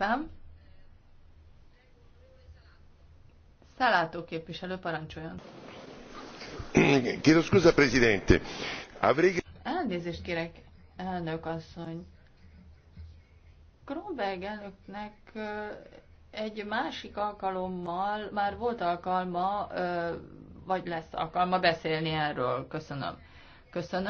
szépen. Szállátó képviselő, parancsoljon. Kérdés, scusa, prezidente. Elnézést kérek, elnök asszony. Kronberg elnöknek egy másik alkalommal már volt alkalma, vagy lesz alkalma beszélni erről. Köszönöm. Köszönöm.